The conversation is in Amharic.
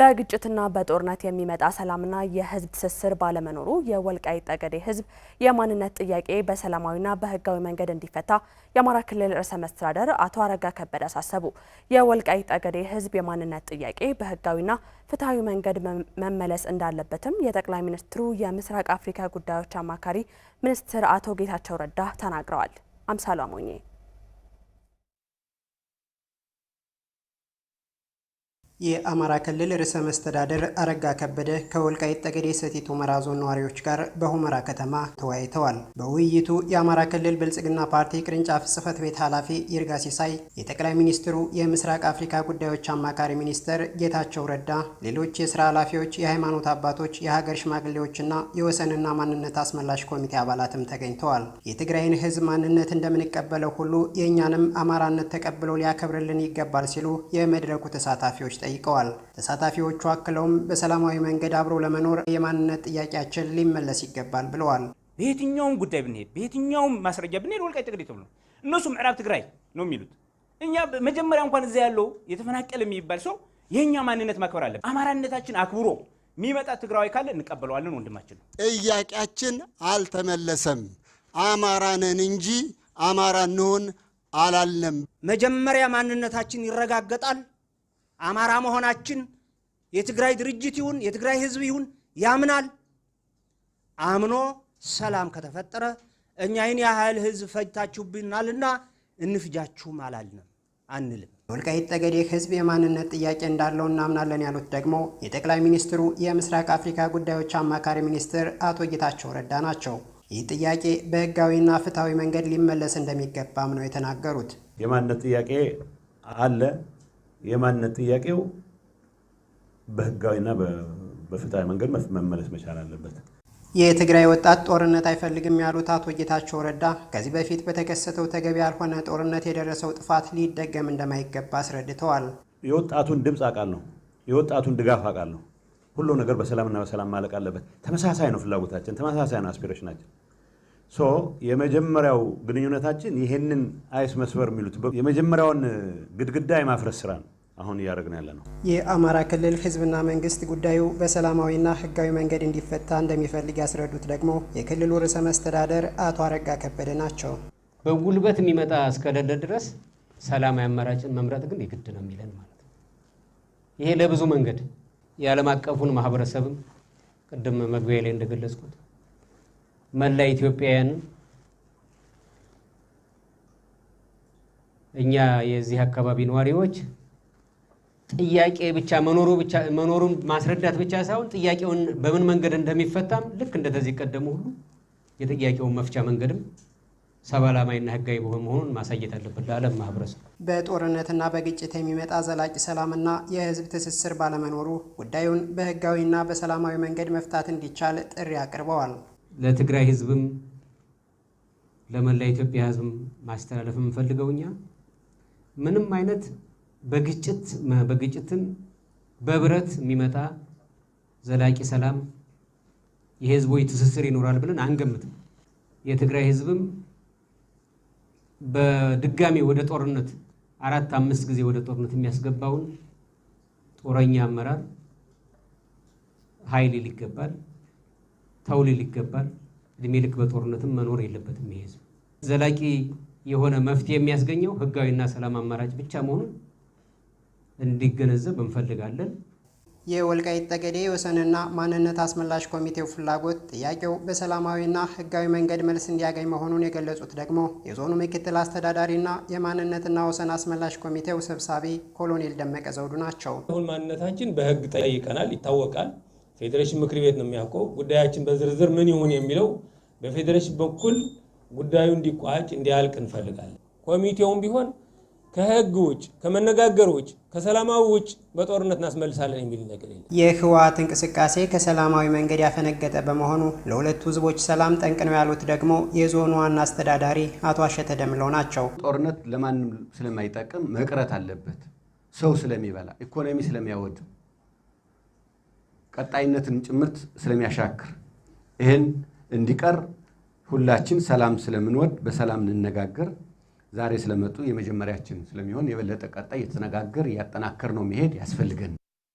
በግጭትና በጦርነት የሚመጣ ሰላምና የህዝብ ትስስር ባለመኖሩ የወልቃይት ጠገዴ ህዝብ የማንነት ጥያቄ በሰላማዊና በህጋዊ መንገድ እንዲፈታ የአማራ ክልል ርዕሰ መስተዳደር አቶ አረጋ ከበደ አሳሰቡ። የወልቃይት ጠገዴ ህዝብ የማንነት ጥያቄ በህጋዊና ፍትሐዊ መንገድ መመለስ እንዳለበትም የጠቅላይ ሚኒስትሩ የምስራቅ አፍሪካ ጉዳዮች አማካሪ ሚኒስትር አቶ ጌታቸው ረዳ ተናግረዋል። አምሳሉ አሞኜ የአማራ ክልል ርዕሰ መስተዳደር አረጋ ከበደ ከወልቃይት ጠገዴ ሰቲት ሁመራ ዞን ነዋሪዎች ጋር በሁመራ ከተማ ተወያይተዋል። በውይይቱ የአማራ ክልል ብልጽግና ፓርቲ ቅርንጫፍ ጽህፈት ቤት ኃላፊ ይርጋ ሲሳይ፣ የጠቅላይ ሚኒስትሩ የምስራቅ አፍሪካ ጉዳዮች አማካሪ ሚኒስተር ጌታቸው ረዳ፣ ሌሎች የስራ ኃላፊዎች፣ የሃይማኖት አባቶች፣ የሀገር ሽማግሌዎችና የወሰንና ማንነት አስመላሽ ኮሚቴ አባላትም ተገኝተዋል። የትግራይን ህዝብ ማንነት እንደምንቀበለው ሁሉ የእኛንም አማራነት ተቀብሎ ሊያከብርልን ይገባል ሲሉ የመድረኩ ተሳታፊዎች ጠይቀዋል። ተሳታፊዎቹ አክለውም በሰላማዊ መንገድ አብሮ ለመኖር የማንነት ጥያቄያችን ሊመለስ ይገባል ብለዋል። በየትኛውም ጉዳይ ብንሄድ፣ በየትኛውም ማስረጃ ብንሄድ ወልቃይት ጠገዴ ተብሎ እነሱ ምዕራብ ትግራይ ነው የሚሉት። እኛ መጀመሪያ እንኳን እዚያ ያለው የተፈናቀለ የሚባል ሰው የእኛ ማንነት ማክበር አለብን። አማራነታችን አክብሮ የሚመጣ ትግራዊ ካለ እንቀበለዋለን። ወንድማችን ነው። ጥያቄያችን አልተመለሰም። አማራነን እንጂ አማራ እንሆን አላልንም። መጀመሪያ ማንነታችን ይረጋገጣል። አማራ መሆናችን የትግራይ ድርጅት ይሁን የትግራይ ህዝብ ይሁን ያምናል። አምኖ ሰላም ከተፈጠረ እኛ ይህን ያህል ህዝብ ፈጅታችሁብናልና እንፍጃችሁም አላልንም አንልም። የወልቃይት ጠገዴ ህዝብ የማንነት ጥያቄ እንዳለው እናምናለን ያሉት ደግሞ የጠቅላይ ሚኒስትሩ የምስራቅ አፍሪካ ጉዳዮች አማካሪ ሚኒስትር አቶ ጌታቸው ረዳ ናቸው። ይህ ጥያቄ በህጋዊና ፍትሐዊ መንገድ ሊመለስ እንደሚገባም ነው የተናገሩት። የማንነት ጥያቄ አለ የማንነት ጥያቄው በህጋዊና በፍትሃዊ መንገድ መመለስ መቻል አለበት። የትግራይ ወጣት ጦርነት አይፈልግም ያሉት አቶ ጌታቸው ረዳ ከዚህ በፊት በተከሰተው ተገቢ ያልሆነ ጦርነት የደረሰው ጥፋት ሊደገም እንደማይገባ አስረድተዋል። የወጣቱን ድምፅ አውቃለሁ፣ የወጣቱን ድጋፍ አውቃለሁ። ሁሉ ነገር በሰላምና በሰላም ማለቅ አለበት። ተመሳሳይ ነው ፍላጎታችን፣ ተመሳሳይ ነው አስፒሬሽናችን። ሶ የመጀመሪያው ግንኙነታችን ይሄንን አይስ መስበር የሚሉት የመጀመሪያውን ግድግዳ የማፍረስ ስራ ነው አሁን እያደረግን ያለ ነው። የአማራ ክልል ህዝብና መንግስት ጉዳዩ በሰላማዊና ህጋዊ መንገድ እንዲፈታ እንደሚፈልግ ያስረዱት ደግሞ የክልሉ ርዕሰ መስተዳደር አቶ አረጋ ከበደ ናቸው። በጉልበት የሚመጣ እስከሌለ ድረስ ሰላማዊ አማራጭን መምረጥ ግን የግድ ነው የሚለን ማለት ነው። ይሄ ለብዙ መንገድ የዓለም አቀፉን ማህበረሰብም ቅድም መግቢያ ላይ እንደገለጽኩት መላ ኢትዮጵያውያን እኛ የዚህ አካባቢ ነዋሪዎች ጥያቄ ብቻ መኖሩ ብቻ መኖሩን ማስረዳት ብቻ ሳይሆን ጥያቄውን በምን መንገድ እንደሚፈታም ልክ እንደተዚህ ቀደሙ ሁሉ የጥያቄውን መፍቻ መንገድም ሰባላማይና ሕጋዊ በሆነ መሆኑን ማሳየት አለበት ለዓለም ማህበረሰብ። በጦርነትና በግጭት የሚመጣ ዘላቂ ሰላምና የህዝብ ትስስር ባለመኖሩ ጉዳዩን በህጋዊና በሰላማዊ መንገድ መፍታት እንዲቻል ጥሪ አቅርበዋል። ለትግራይ ህዝብም ለመላ ኢትዮጵያ ህዝብም ማስተላለፍ የምንፈልገው እኛ ምንም አይነት በግጭት በግጭትን በብረት የሚመጣ ዘላቂ ሰላም የህዝቦች ትስስር ይኖራል ብለን አንገምትም። የትግራይ ህዝብም በድጋሚ ወደ ጦርነት አራት አምስት ጊዜ ወደ ጦርነት የሚያስገባውን ጦረኛ አመራር ኃይል ይገባል። ተው ሊል ይገባል። እድሜ ልክ በጦርነትም መኖር የለበትም። ይሄ ዘላቂ የሆነ መፍትሄ የሚያስገኘው ህጋዊና ሰላም አማራጭ ብቻ መሆኑን እንዲገነዘብ እንፈልጋለን። የወልቃይት ጠገዴ ወሰንና ማንነት አስመላሽ ኮሚቴው ፍላጎት ጥያቄው በሰላማዊና ህጋዊ መንገድ መልስ እንዲያገኝ መሆኑን የገለጹት ደግሞ የዞኑ ምክትል አስተዳዳሪና የማንነትና ወሰን አስመላሽ ኮሚቴው ሰብሳቢ ኮሎኔል ደመቀ ዘውዱ ናቸው። አሁን ማንነታችን በህግ ጠይቀናል፣ ይታወቃል። ፌዴሬሽን ምክር ቤት ነው የሚያውቀው። ጉዳያችን በዝርዝር ምን ይሁን የሚለው በፌዴሬሽን በኩል ጉዳዩ እንዲቋጭ እንዲያልቅ እንፈልጋለን። ኮሚቴውም ቢሆን ከህግ ውጭ ከመነጋገር ውጭ ከሰላማዊ ውጭ በጦርነት እናስመልሳለን የሚል ነገር የለም። የህወሓት እንቅስቃሴ ከሰላማዊ መንገድ ያፈነገጠ በመሆኑ ለሁለቱ ህዝቦች ሰላም ጠንቅ ነው ያሉት ደግሞ የዞኑ ዋና አስተዳዳሪ አቶ አሸተ ደምለው ናቸው። ጦርነት ለማንም ስለማይጠቅም መቅረት አለበት። ሰው ስለሚበላ ኢኮኖሚ ስለሚያወድም ቀጣይነትን ጭምርት ስለሚያሻክር ይህን እንዲቀር ሁላችን ሰላም ስለምንወድ በሰላም እንነጋገር። ዛሬ ስለመጡ የመጀመሪያችን ስለሚሆን የበለጠ ቀጣይ እየተነጋገር እያጠናከር ነው መሄድ ያስፈልገን።